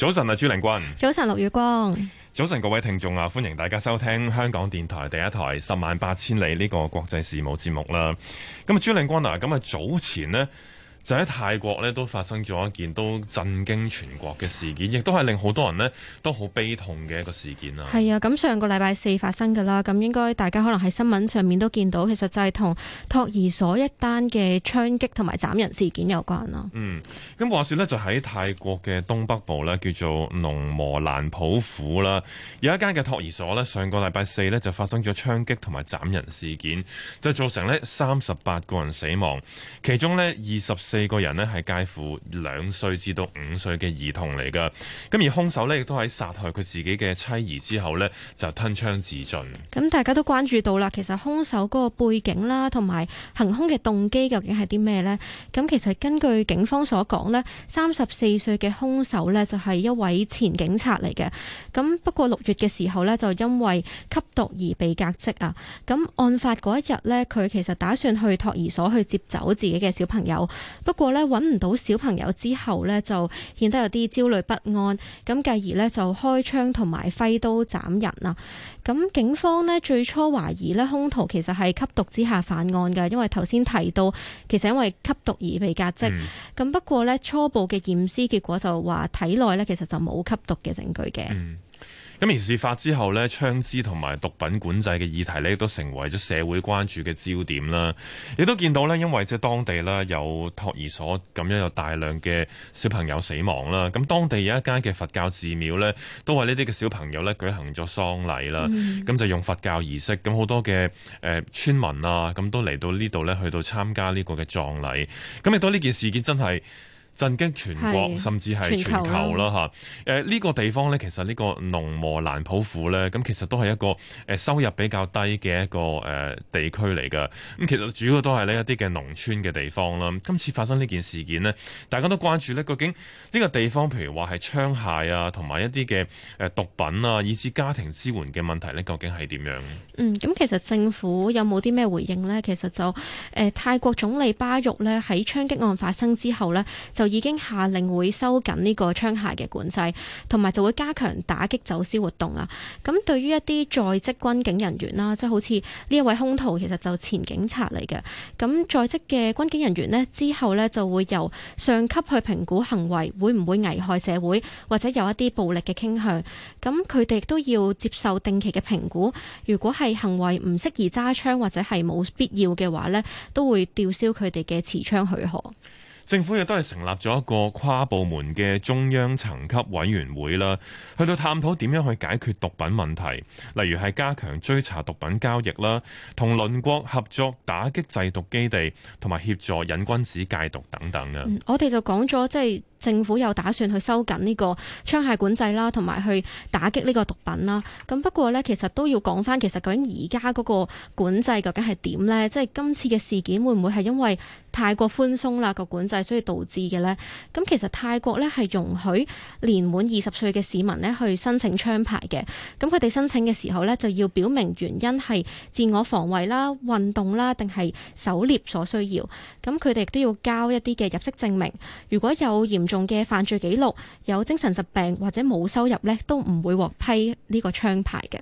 早晨啊，朱玲君。早晨，六月光。早晨，各位聽眾啊，歡迎大家收聽香港電台第一台《十萬八千里》呢個國際事務節目啦。咁啊，朱玲君啊，咁啊早前呢。就喺泰國咧，都發生咗一件都震驚全國嘅事件，亦都係令好多人呢都好悲痛嘅一個事件啦。係啊，咁上個禮拜四發生㗎啦，咁應該大家可能喺新聞上面都見到，其實就係同托兒所一單嘅槍擊同埋斬人事件有關囉。嗯，咁話説呢，就喺泰國嘅東北部呢，叫做農磨蘭普府啦，有一間嘅托兒所呢，上個禮拜四呢就發生咗槍擊同埋斬人事件，就造成呢三十八個人死亡，其中呢二十四。呢個人呢係介乎兩歲至到五歲嘅兒童嚟㗎，咁而兇手呢，亦都喺殺害佢自己嘅妻兒之後呢，就吞槍自盡。咁大家都關注到啦，其實兇手嗰個背景啦，同埋行兇嘅動機究竟係啲咩呢？咁其實根據警方所講呢，三十四歲嘅兇手呢，就係一位前警察嚟嘅。咁不過六月嘅時候呢，就因為吸毒而被革職啊。咁案發嗰一日呢，佢其實打算去托兒所去接走自己嘅小朋友。不過咧搵唔到小朋友之後咧就顯得有啲焦慮不安，咁繼而咧就開槍同埋揮刀斬人喇！咁警方呢，最初懷疑咧兇徒其實係吸毒之下犯案嘅，因為頭先提到其實因為吸毒而被革職。咁、嗯、不過咧初步嘅驗屍結果就話體內咧其實就冇吸毒嘅證據嘅。嗯咁而事發之後咧，槍支同埋毒品管制嘅議題咧，亦都成為咗社會關注嘅焦點啦。亦都見到咧，因為即係當地啦，有托兒所咁樣有大量嘅小朋友死亡啦。咁當地有一間嘅佛教寺廟咧，都為呢啲嘅小朋友咧舉行咗喪禮啦。咁就、嗯、用佛教儀式，咁好多嘅誒村民啊，咁都嚟到呢度咧，去到參加呢個嘅葬禮。咁亦都呢件事件真係震驚全國是甚至係全球啦嚇！誒呢個地方呢，其實呢個農磨蘭普府呢，咁其實都係一個誒收入比較低嘅一個誒地區嚟㗎。咁其實主要都係呢一啲嘅農村嘅地方啦。今次發生呢件事件呢，大家都關注呢，究竟呢個地方譬如話係槍械啊，同埋一啲嘅誒毒品啊，以至家庭支援嘅問題呢，究竟係點樣？嗯，咁其實政府有冇啲咩回應呢？其實就誒、呃、泰國總理巴育呢，喺槍擊案發生之後呢。就已經下令會收緊呢個槍械嘅管制，同埋就會加強打擊走私活動啊！咁對於一啲在職軍警人員啦，即係好似呢一位兇徒，其實就前警察嚟嘅。咁在職嘅軍警人員呢，之後呢就會由上級去評估行為會唔會危害社會，或者有一啲暴力嘅傾向。咁佢哋都要接受定期嘅評估。如果係行為唔適宜揸槍，或者係冇必要嘅話呢，都會吊銷佢哋嘅持槍許可。政府亦都係成立咗一個跨部門嘅中央層級委員會啦，去到探討點樣去解決毒品問題，例如係加強追查毒品交易啦，同鄰國合作打擊製毒基地，同埋協助癮君子戒毒等等啊、嗯！我哋就講咗即係。就是政府又打算去收緊呢個槍械管制啦，同埋去打擊呢個毒品啦。咁不過咧，其實都要講翻，其實究竟而家嗰個管制究竟係點咧？即係今次嘅事件會唔會係因為太過寬鬆啦個管制，所以導致嘅咧？咁其實泰國咧係容許年滿二十歲嘅市民咧去申請槍牌嘅。咁佢哋申請嘅時候咧就要表明原因係自我防衛啦、運動啦，定係狩獵所需要。咁佢哋亦都要交一啲嘅入息證明。如果有嚴重嘅犯罪記錄、有精神疾病或者冇收入呢都唔會獲批呢個槍牌嘅。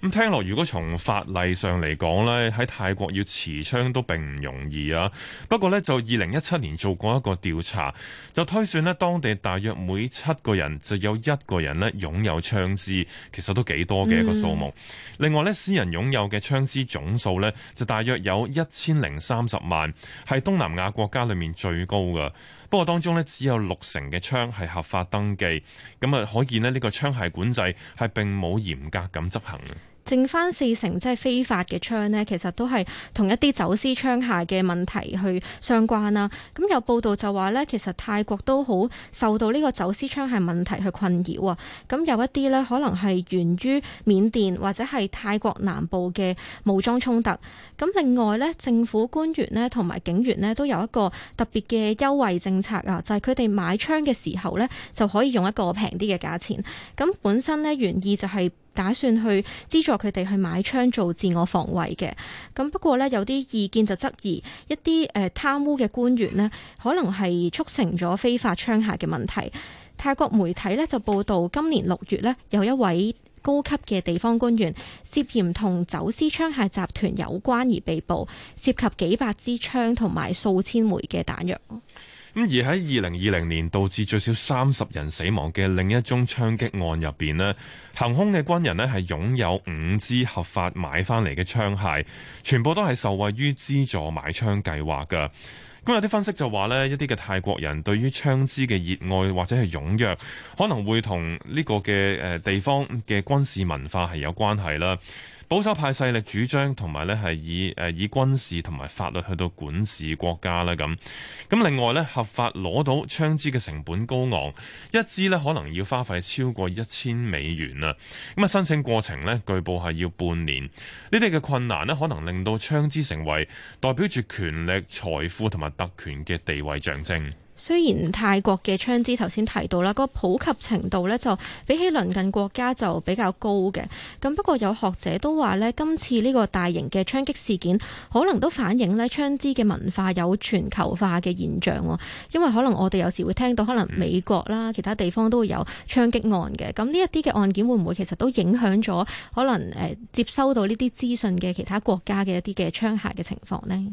咁聽落，如果從法例上嚟講呢，喺泰國要持槍都並唔容易啊。不過呢，就二零一七年做過一個調查，就推算呢當地大約每七個人就有一個人呢擁有槍支，其實都幾多嘅一個數目。嗯、另外呢，私人擁有嘅槍支總數呢，就大約有一千零三十萬，係東南亞國家裡面最高嘅。不過當中咧只有六成嘅槍係合法登記，咁啊可見呢，呢個槍械管制係並冇嚴格咁執行。剩翻四成即係非法嘅槍呢，其實都係同一啲走私槍械嘅問題去相關啦、啊。咁有報道就話呢，其實泰國都好受到呢個走私槍械問題去困擾喎、啊。咁有一啲呢，可能係源於緬甸或者係泰國南部嘅武裝衝突。咁另外呢，政府官員呢同埋警員呢，都有一個特別嘅優惠政策啊，就係佢哋買槍嘅時候呢，就可以用一個平啲嘅價錢。咁本身呢，原意就係、是。打算去資助佢哋去買槍做自我防衛嘅咁。不過呢，有啲意見就質疑一啲誒、呃、貪污嘅官員呢，可能係促成咗非法槍械嘅問題。泰國媒體呢就報道，今年六月呢，有一位高級嘅地方官員涉嫌同走私槍械集團有關而被捕，涉及幾百支槍同埋數千枚嘅彈藥。咁而喺二零二零年導致最少三十人死亡嘅另一宗槍擊案入邊呢，行兇嘅軍人呢係擁有五支合法買翻嚟嘅槍械，全部都係受惠於資助買槍計劃嘅。咁有啲分析就話呢，一啲嘅泰國人對於槍支嘅熱愛或者係踴躍，可能會同呢個嘅誒地方嘅軍事文化係有關係啦。保守派勢力主張同埋咧係以誒以、呃、以軍事同埋法律去到管治國家啦咁，咁另外咧，合法攞到槍支嘅成本高昂，一支呢可能要花費超過一千美元啦。咁啊申請過程呢，據報係要半年，呢啲嘅困難呢，可能令到槍支成為代表住權力、財富同埋特權嘅地位象徵。雖然泰國嘅槍支頭先提到啦，個普及程度呢，就比起鄰近國家就比較高嘅。咁不過有學者都話呢，今次呢個大型嘅槍擊事件，可能都反映呢槍支嘅文化有全球化嘅現象。因為可能我哋有時會聽到可能美國啦，其他地方都會有槍擊案嘅。咁呢一啲嘅案件會唔會其實都影響咗可能誒接收到呢啲資訊嘅其他國家嘅一啲嘅槍械嘅情況呢？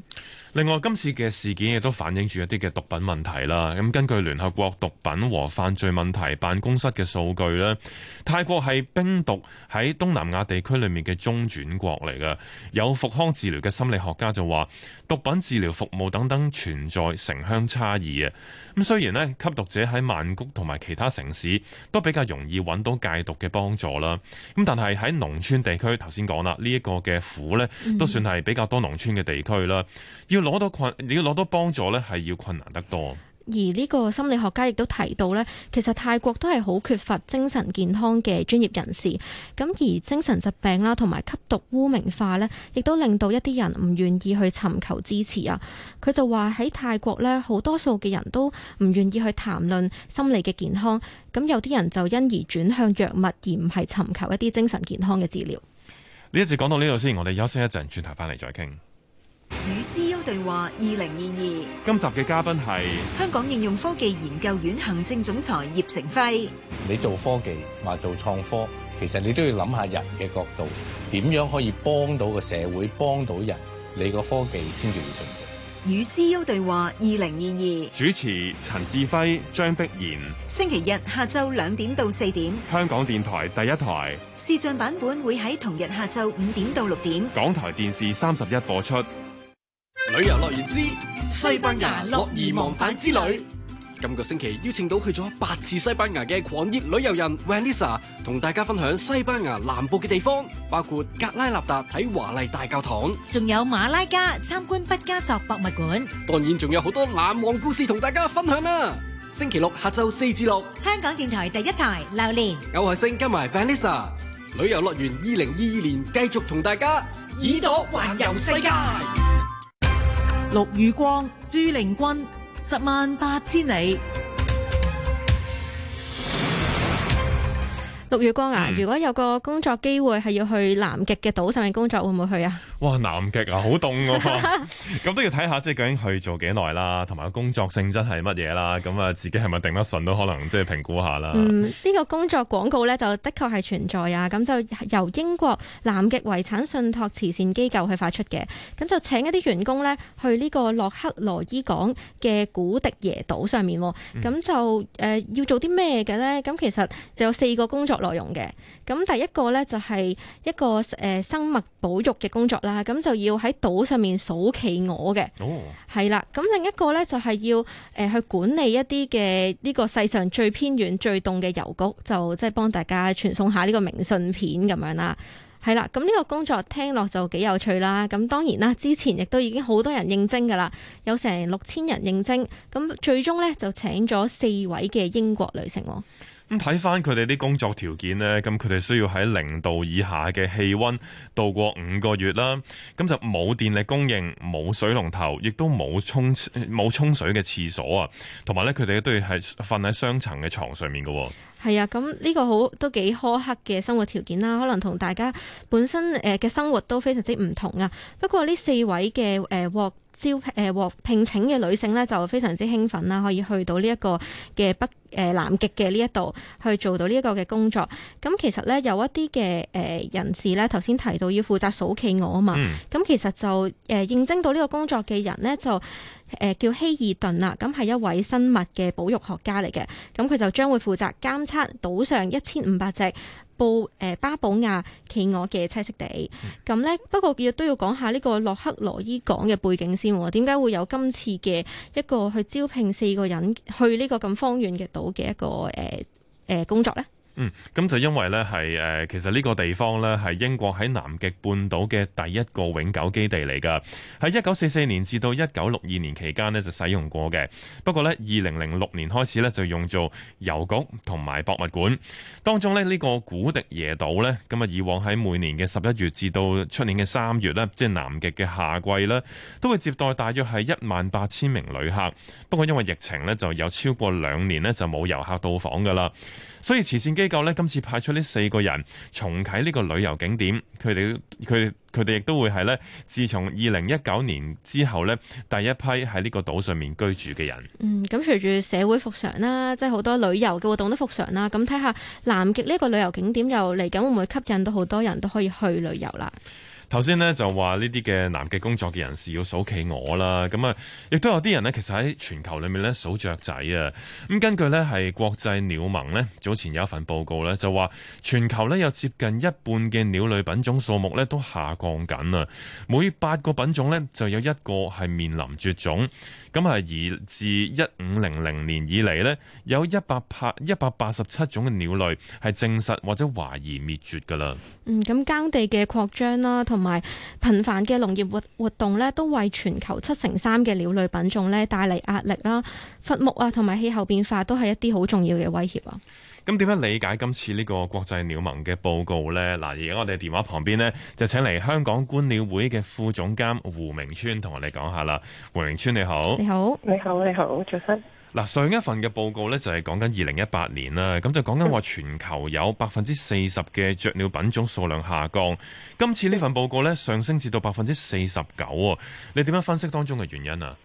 另外，今次嘅事件亦都反映住一啲嘅毒品問題啦。咁根據聯合國毒品和犯罪問題辦公室嘅數據咧，泰國係冰毒喺東南亞地區裏面嘅中轉國嚟噶。有復康治療嘅心理學家就話，毒品治療服務等等存在城鄉差異啊。咁雖然咧，吸毒者喺曼谷同埋其他城市都比較容易揾到戒毒嘅幫助啦，咁但係喺農村地區，頭先講啦，呢、這、一個嘅苦咧都算係比較多農村嘅地區啦。要攞到困，你要攞到幫助咧，係要困難得多。而呢個心理學家亦都提到呢，其實泰國都係好缺乏精神健康嘅專業人士。咁而精神疾病啦，同埋吸毒污名化呢，亦都令到一啲人唔願意去尋求支持啊。佢就話喺泰國呢，好多數嘅人都唔願意去談論心理嘅健康。咁有啲人就因而轉向藥物，而唔係尋求一啲精神健康嘅治療。呢一節講到呢度先，我哋休息一陣，轉頭翻嚟再傾。與 CEO 對話二零二二，今集嘅嘉賓係香港應用科技研究院行政總裁葉成輝。你做科技，或做創科，其實你都要諗下人嘅角度，點樣可以幫到個社會，幫到人，你個科技先至會進步。與 CEO 對話二零二二，主持陳志輝、張璧賢，星期日下晝兩點到四點，香港電台第一台視像版本會喺同日下晝五點到六點，港台電視三十一播出。旅遊樂園之西班牙樂而忘返之旅，今個星期邀請到去咗八次西班牙嘅狂熱旅遊人 Vanessa，同大家分享西班牙南部嘅地方，包括格拉納達睇華麗大教堂，仲有馬拉加參觀畢加索博物館，當然仲有好多難忘故事同大家分享啦。星期六下晝四至六，香港電台第一台榴蓮，歐海星加埋 Vanessa，旅遊樂園二零二二年繼續同大家耳朵環遊世界。陸宇光、朱令君，十萬八千里。六月光啊！嗯、如果有個工作機會係要去南極嘅島上面工作，會唔會去啊？哇！南極啊，好凍喎！咁 都、 嗯、要睇下即係究竟去做幾耐啦，同埋工作性質係乜嘢啦？咁啊，自己係咪定得順都可能即係評估下啦。嗯，呢、呢個工作廣告咧就的確係存在啊！咁就由英國南極遺產信託慈善機構去發出嘅，咁就請一啲員工咧去呢個洛克羅伊港嘅古迪耶島上面，啊。咁就誒、呃、要做啲咩嘅咧？咁其實就有四個工作。內容嘅咁第一個呢，就係一個誒、呃、生物保育嘅工作啦，咁就要喺島上面數企鵝嘅，係啦、哦。咁另一個呢，就係要誒去管理一啲嘅呢個世上最偏遠、最凍嘅郵局，就即係幫大家傳送下呢個明信片咁樣啦，係啦。咁呢個工作聽落就幾有趣啦。咁當然啦，之前亦都已經好多人應徵噶啦，有成六千人應徵，咁最終呢，就請咗四位嘅英國女性。咁睇翻佢哋啲工作條件呢，咁佢哋需要喺零度以下嘅氣温度過五個月啦。咁就冇電力供應，冇水龍頭，亦都冇沖冇沖水嘅廁所啊。同埋咧，佢哋都要係瞓喺雙層嘅床上面嘅。係啊，咁呢個好都幾苛刻嘅生活條件啦。可能同大家本身誒嘅生活都非常之唔同啊。不過呢四位嘅誒、呃招誒獲、呃、聘請嘅女性咧，就非常之興奮啦，可以去到呢一個嘅北誒、呃、南極嘅呢一度去做到呢一個嘅工作。咁其實咧，有一啲嘅誒人士咧，頭先提到要負責數企鵝啊嘛，咁、嗯、其實就誒應徵到呢個工作嘅人咧就，誒叫希爾頓啦，咁係一位生物嘅保育學家嚟嘅，咁佢就將會負責監測島上一千五百隻布誒、呃、巴寶亞企鵝嘅棲息地。咁咧、嗯、不過亦都要講下呢個洛克羅伊港嘅背景先，點解會有今次嘅一個去招聘四個人去呢個咁荒遠嘅島嘅一個誒誒、呃呃、工作咧？嗯，咁就因為呢係誒，其實呢個地方呢係英國喺南極半島嘅第一個永久基地嚟噶。喺一九四四年至到一九六二年期間呢，就使用過嘅。不過呢，二零零六年開始呢，就用做郵局同埋博物館。當中呢，呢個古迪耶島呢，咁啊，以往喺每年嘅十一月至到出年嘅三月呢，即係南極嘅夏季呢，都會接待大約係一萬八千名旅客。不過因為疫情呢，就有超過兩年呢，就冇遊客到訪噶啦。所以慈善機構咧，今次派出呢四個人重啟呢個旅遊景點，佢哋佢佢哋亦都會係咧，自從二零一九年之後咧，第一批喺呢個島上面居住嘅人。嗯，咁隨住社會復常啦，即係好多旅遊嘅活動都復常啦，咁睇下南極呢個旅遊景點又嚟緊會唔會吸引到好多人都可以去旅遊啦？頭先呢就話呢啲嘅南極嘅工作嘅人士要數企鵝啦，咁啊亦都有啲人呢，其實喺全球裏面呢數雀仔啊。咁根據呢係國際鳥盟呢，早前有一份報告呢，就話，全球呢有接近一半嘅鳥類品種數目呢都下降緊啊。每八個品種呢，就有一個係面臨絕種。咁啊而自一五零零年以嚟呢，有一百八一百八十七種嘅鳥類係證實或者懷疑滅絕噶啦。嗯，咁耕地嘅擴張啦同。同埋頻繁嘅農業活活動咧，都為全球七成三嘅鳥類品種咧帶嚟壓力啦。伐木啊，同埋氣候變化都係一啲好重要嘅威脅啊。咁點樣理解今次呢個國際鳥盟嘅報告呢？嗱，而家我哋電話旁邊呢，就請嚟香港觀鳥會嘅副總監胡明川同我哋講下啦。胡明川你好，你好，你好,你好，你好，早晨。嗱，上一份嘅報告咧就係講緊二零一八年啦，咁就講緊話全球有百分之四十嘅雀鳥品種數量下降，今次呢份報告咧上升至到百分之四十九喎，你點樣分析當中嘅原因啊？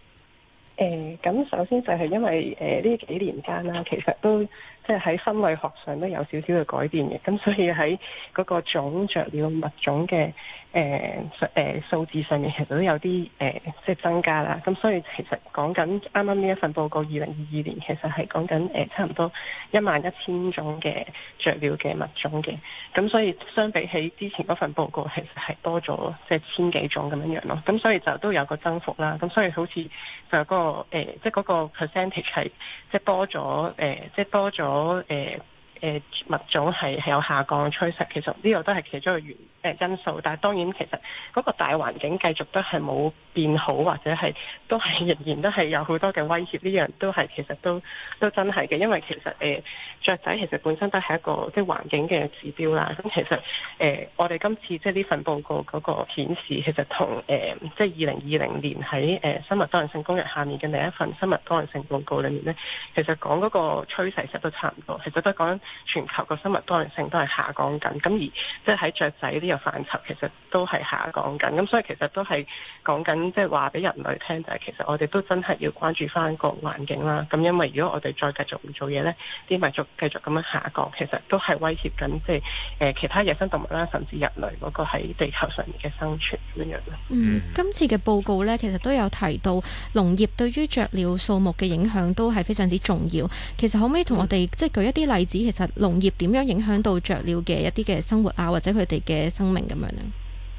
誒、呃，咁首先就係因為誒呢、呃、幾年間啦、啊，其實都。即係喺分類學上都有少少嘅改變嘅，咁所以喺嗰個種雀鳥物種嘅誒誒數字上面其實都有啲誒、呃、即係增加啦。咁所以其實講緊啱啱呢一份報告，二零二二年其實係講緊誒差唔多一萬一千種嘅雀鳥嘅物種嘅。咁所以相比起之前嗰份報告，其實係多咗即係千幾種咁樣樣咯。咁所以就都有個增幅啦。咁所以好似就嗰個即係嗰個 percentage 係即係多咗誒，即係多咗。呃我誒，誒物種係係有下降趨勢，其實呢個都係其中一個原因素，但係當然其實嗰個大環境繼續都係冇變好，或者係都係仍然都係有好多嘅威脅。呢樣都係其實都都真係嘅，因為其實誒、呃、雀仔其實本身都係一個即係環境嘅指標啦。咁其實誒、呃、我哋今次即係呢份報告嗰個顯示，其實同誒、呃、即係二零二零年喺誒、呃、生物多樣性公約下面嘅另一份生物多樣性報告裏面咧，其實講嗰個趨勢實都差唔多，其實都講全球個生物多樣性都係下降緊。咁而即係喺雀仔呢啲範疇其實都係下降緊，咁所以其實都係講緊，即係話俾人類聽就係、是，其實我哋都真係要關注翻個環境啦。咁因為如果我哋再繼續唔做嘢呢，啲物種繼續咁樣下降，其實都係威脅緊，即係誒、呃、其他野生動物啦，甚至人類嗰個喺地球上面嘅生存一樣咯、嗯。今次嘅報告呢，其實都有提到農業對於雀鳥，鳥數目嘅影響都係非常之重要。其實可唔可以同我哋、嗯、即係舉一啲例子，其實農業點樣影響到雀鳥嘅一啲嘅生活啊，或者佢哋嘅生活聰明咁樣咧，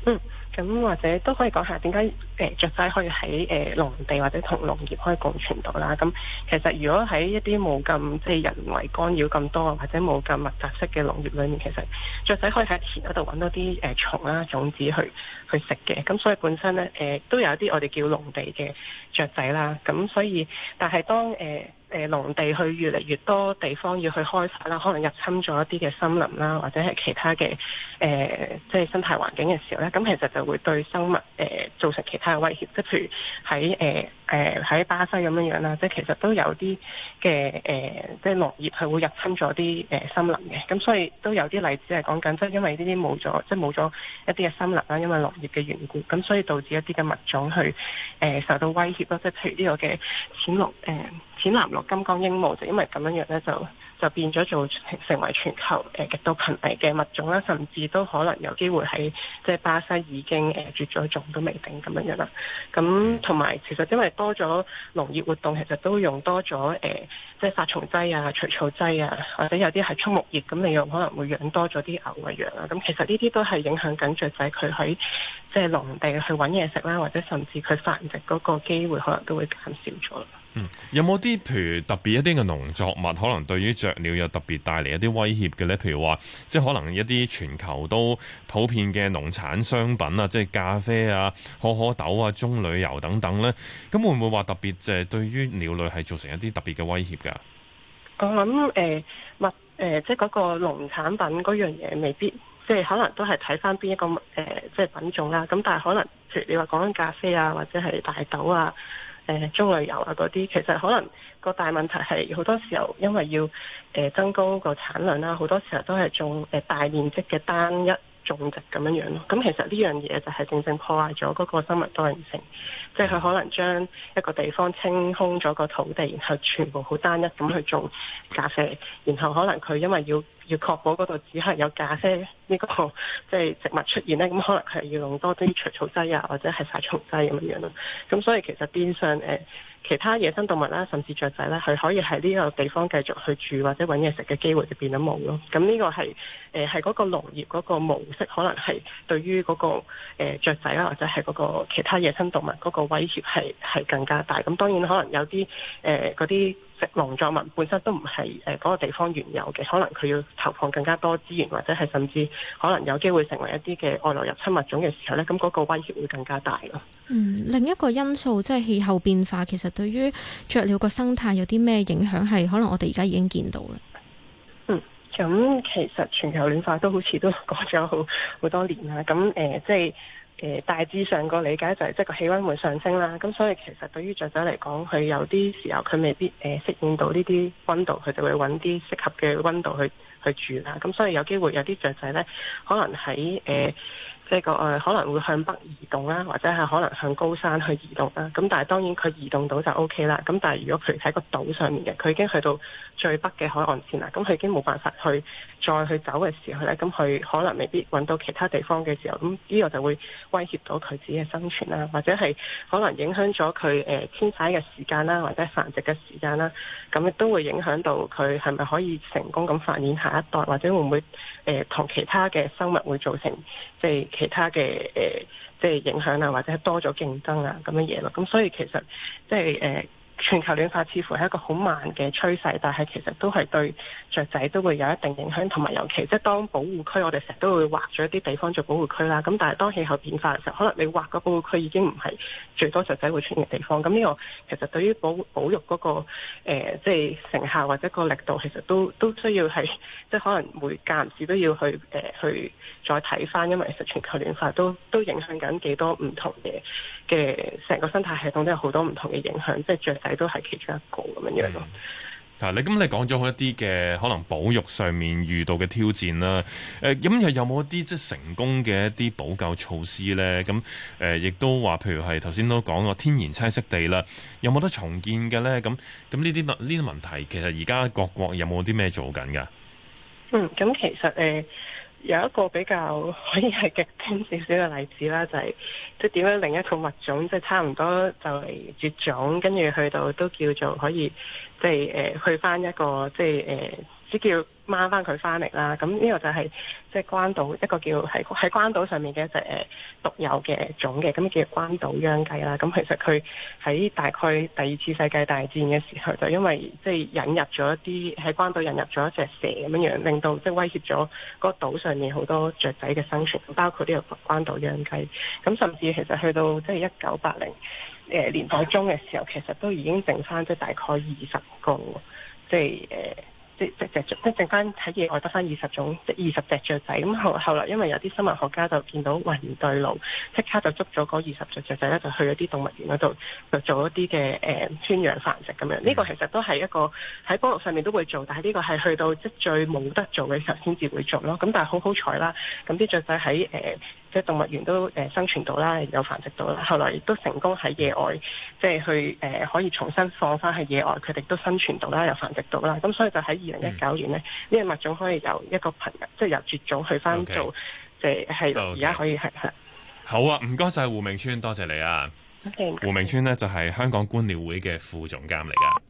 嗯，咁或者都可以講下點解誒雀仔可以喺誒農地或者同農業可以共存到啦。咁、啊、其實如果喺一啲冇咁即係人為干擾咁多，或者冇咁密集式嘅農業裏面，其實雀仔可以喺田嗰度搵多啲誒蟲啦、種子去去食嘅。咁、啊、所以本身咧誒、呃、都有一啲我哋叫農地嘅雀仔啦。咁、啊嗯、所以但係當誒。呃誒農、呃、地去越嚟越多地方要去開發啦，可能入侵咗一啲嘅森林啦，或者係其他嘅誒、呃，即係生態環境嘅時候咧，咁其實就會對生物誒、呃、造成其他嘅威脅。即係譬如喺誒誒喺巴西咁樣樣啦，即係其實都有啲嘅誒，即係農業係會入侵咗啲誒森林嘅。咁、嗯、所以都有啲例子係講緊，即係因為呢啲冇咗，即係冇咗一啲嘅森林啦，因為農業嘅緣故，咁所以導致一啲嘅物種去誒、呃、受到威脅咯。即係譬如呢個嘅淺綠誒。呃呃淺藍綠金剛鸚鵡就因為咁樣樣咧，就就變咗做成為全球誒極度瀕危嘅物種啦，甚至都可能有機會喺即係巴西已經誒絕咗種，都未定咁樣樣啦。咁同埋其實因為多咗農業活動，其實都用多咗誒、呃、即係殺蟲劑啊、除草劑啊，或者有啲係畜牧業咁，你又可能會養多咗啲牛嘅羊啊。咁其實呢啲都係影響緊雀仔佢喺即係農地去搵嘢食啦，或者甚至佢繁殖嗰個機會可能都會減少咗。嗯、有冇啲譬如特別一啲嘅農作物，可能對於雀鳥有特別帶嚟一啲威脅嘅呢？譬如話，即係可能一啲全球都普遍嘅農產商品啊，即係咖啡啊、可可豆啊、棕櫚油等等呢，咁會唔會話特別就係、呃、對於鳥類係造成一啲特別嘅威脅㗎？我諗誒、呃、物誒、呃，即係嗰個農產品嗰樣嘢，未必即係可能都係睇翻邊一個誒、呃、即係品種啦。咁但係可能譬如你話講緊咖啡啊，或者係大豆啊。呃、棕油啊嗰啲，其實可能個大問題係好多時候因為要誒、呃、增高個產量啦，好多時候都係種誒大面積嘅單一。種植咁樣樣咯，咁其實呢樣嘢就係正正破壞咗嗰個生物多樣性，即係佢可能將一個地方清空咗個土地，然後全部好單一咁去種咖啡，然後可能佢因為要要確保嗰度只係有咖啡呢個即係植物出現咧，咁可能佢要用多啲除草劑啊，或者係殺蟲劑咁樣樣咯，咁所以其實變相。誒、呃。其他野生動物啦，甚至雀仔咧，佢可以喺呢個地方繼續去住或者揾嘢食嘅機會就變得冇咯。咁呢個係誒係嗰個農業嗰個模式，可能係對於嗰個誒雀仔啦，或者係嗰個其他野生動物嗰個威脅係係更加大。咁當然可能有啲誒嗰啲。呃食農作物本身都唔係誒嗰個地方原有嘅，可能佢要投放更加多資源，或者係甚至可能有機會成為一啲嘅外來入侵物種嘅時候咧，咁嗰個威脅會更加大咯。嗯，另一個因素即係氣候變化，其實對於雀鳥個生態有啲咩影響，係可能我哋而家已經見到啦。嗯，咁其實全球暖化都好似都講咗好好多年啦。咁誒、呃、即係。誒、呃、大致上個理解就係，即係個氣溫會上升啦。咁所以其實對於雀仔嚟講，佢有啲時候佢未必誒、呃、適應到呢啲溫度，佢就會揾啲適合嘅溫度去去住啦。咁所以有機會有啲雀仔呢，可能喺誒、呃、即係個誒、呃、可能會向北移動啦，或者係可能向高山去移動啦。咁但係當然佢移動到就 OK 啦。咁但係如果譬如喺個島上面嘅，佢已經去到最北嘅海岸線啦，咁佢已經冇辦法去。再去走嘅時候咧，咁佢可能未必搵到其他地方嘅時候，咁呢個就會威脅到佢自己嘅生存啦，或者係可能影響咗佢誒遷徙嘅時間啦，或者繁殖嘅時間啦，咁亦都會影響到佢係咪可以成功咁繁衍下一代，或者會唔會誒同、呃、其他嘅生物會造成即係其他嘅誒、呃、即係影響啊，或者多咗競爭啊咁嘅嘢咯。咁所以其實即係誒。呃全球暖化似乎係一個好慢嘅趨勢，但係其實都係對雀仔都會有一定影響，同埋尤其即係當保護區，我哋成日都會畫咗一啲地方做保護區啦。咁但係當氣候變化嘅時候，可能你畫個保護區已經唔係最多雀仔會出現嘅地方。咁呢個其實對於保保育嗰個誒、呃，即係成效或者個力度，其實都都需要係即係可能會間唔時都要去誒、呃、去再睇翻，因為其實全球暖化都都影響緊幾多唔同嘅嘅成個生態系統都有好多唔同嘅影響，即係最。都係其中一個咁樣樣。嗱的，嗯、你咁你講咗好一啲嘅可能保育上面遇到嘅挑戰啦。誒、呃，咁又有冇一啲即係成功嘅一啲補救措施咧？咁誒，亦、呃、都話，譬如係頭先都講過天然棲息地啦，有冇得重建嘅咧？咁咁呢啲問呢啲問題，其實而家各國有冇啲咩做緊噶？嗯，咁其實誒。呃有一個比較可以係極端少少嘅例子啦，就係即係點樣另一個物種，即係差唔多就嚟絕種，跟住去到都叫做可以。即係誒去翻一個即係誒隻叫掹翻佢翻嚟啦，咁、嗯、呢、這個就係即係關島一個叫喺喺關島上面嘅一隻誒獨有嘅種嘅，咁叫關島秧雞啦。咁、嗯、其實佢喺大概第二次世界大戰嘅時候，就因為即係、就是、引入咗一啲喺關島引入咗一隻蛇咁樣樣，令到即係、就是、威脅咗嗰個島上面好多雀仔嘅生存，包括呢個關島秧雞。咁、嗯、甚至其實去到即係一九八零。就是誒年代中嘅時候，其實都已經剩翻即係大概二十個，即係誒、呃，即即即即剩翻喺野外得翻二十種，即二十隻雀仔。咁後後來因為有啲生物學家就見到唔對路，即刻就捉咗嗰二十隻雀仔咧，就去咗啲動物園嗰度，就做一啲嘅誒圈養繁殖咁樣。呢、呢個其實都係一個喺菠路上面都會做，但係呢個係去到即最冇得做嘅時候先至會做咯。咁但係好好彩啦，咁啲雀仔喺誒。呃即動物園都誒生存到啦，有繁殖到啦，後來亦都成功喺野外，嗯、即係去誒、呃、可以重新放翻喺野外，佢哋都生存到啦，有繁殖到啦，咁所以就喺二零一九年呢，呢、嗯、個物種可以由一個朋友，嗯、即係由絕種去翻到，即係係而家可以係吓。okay. 好啊，唔該晒胡明川，多謝，謝你啊。Okay, 胡明川呢，okay. 就係香港觀鳥會嘅副總監嚟㗎。